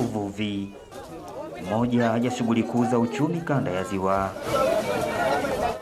uvuvi, moja ya shughuli kuu za uchumi kanda ya Ziwa.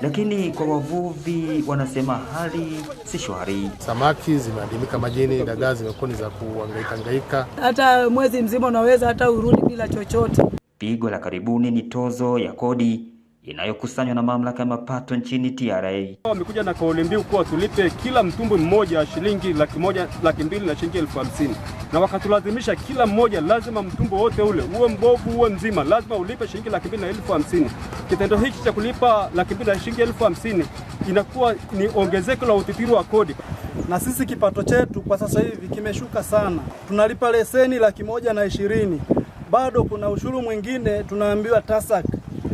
Lakini kwa wavuvi wanasema hali si shwari, samaki zimeandimika majini, dagaa zimekuwa ni za kuangaika ngaika, hata mwezi mzima unaweza hata urudi bila chochote. Pigo la karibuni ni tozo ya kodi inayokusanywa na mamlaka ya mapato nchini TRA. Wamekuja na kauli mbiu kuwa tulipe kila mtumbwi mmoja shilingi laki moja, laki mbili na shilingi elfu hamsini na wakatulazimisha kila mmoja, lazima mtumbwi wote ule uwe mbovu uwe mzima, lazima ulipe shilingi laki mbili na elfu hamsini. Kitendo hichi cha kulipa laki mbili na shilingi elfu hamsini inakuwa ni ongezeko la utitiri wa kodi na sisi kipato chetu kwa sasa hivi kimeshuka sana. Tunalipa leseni laki moja na ishirini, bado kuna ushuru mwingine tunaambiwa TASAC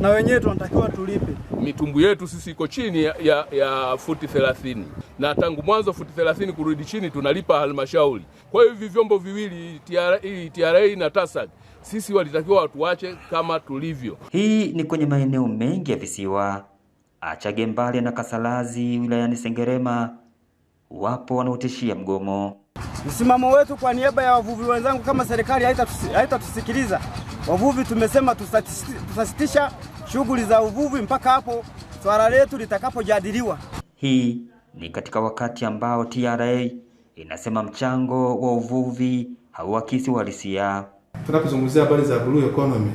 na wenyewe tunatakiwa tulipe. Mitumbu yetu sisi iko chini ya, ya, ya futi 30 na tangu mwanzo futi 30 kurudi chini tunalipa halmashauri. Kwa hiyo hivi vyombo viwili TRA, na TASAC sisi walitakiwa watuache kama tulivyo. Hii ni kwenye maeneo mengi ya visiwa Achage, Mbale na Kasalazi wilayani Sengerema wapo wanaotishia mgomo. Msimamo wetu kwa niaba ya wavuvi wenzangu, kama serikali haitatusikiliza wavuvi, tumesema tusasitisha shughuli za uvuvi mpaka hapo swala letu litakapojadiliwa. Hii ni katika wakati ambao TRA inasema mchango wa uvuvi hauakisi uhalisia. Tunapozungumzia habari za blue economy,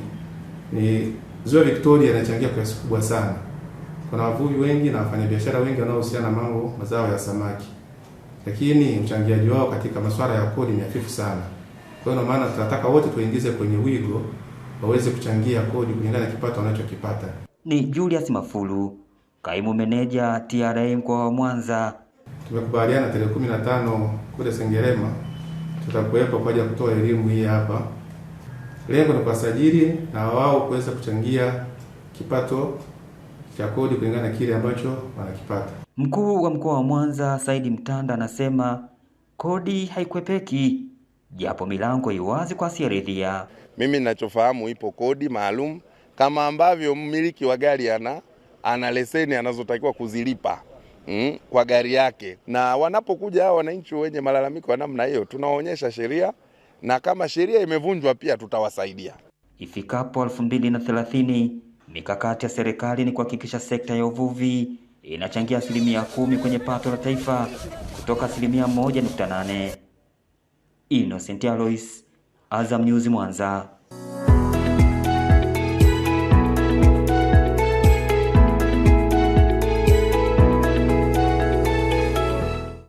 ni Ziwa Victoria inachangia kiasi kubwa sana. Kuna wavuvi wengi na wafanyabiashara wengi wanaohusiana na mambo mazao ya samaki, lakini mchangiaji wao katika masuala ya kodi ni hafifu sana. Kwa hiyo maana tunataka wote tuingize kwenye wigo waweze kuchangia kodi kulingana na kipato wanachokipata. Ni Julius Mafulu, kaimu meneja TRA mkoa wa Mwanza. Tumekubaliana tarehe kumi na tano kule Sengerema tutakuwepo kwa ajili ya kutoa elimu hii hapa. Lengo ni kuwasajili na wao kuweza kuchangia kipato cha kodi kulingana na kile ambacho wanakipata. Mkuu wa mkoa wa Mwanza Saidi Mtanda anasema kodi haikwepeki japo milango iwazi kwa asiyeridhia. Mimi ninachofahamu ipo kodi maalum kama ambavyo mmiliki wa gari ana ana leseni anazotakiwa kuzilipa mm, kwa gari yake, na wanapokuja hao wananchi wenye malalamiko ya namna hiyo, tunawaonyesha sheria na kama sheria imevunjwa pia tutawasaidia. Ifikapo 2030 mikakati ya serikali ni kuhakikisha sekta ya uvuvi inachangia asilimia kumi kwenye pato la taifa kutoka asilimia 1.8. Innocent Alois, Azam News Mwanza.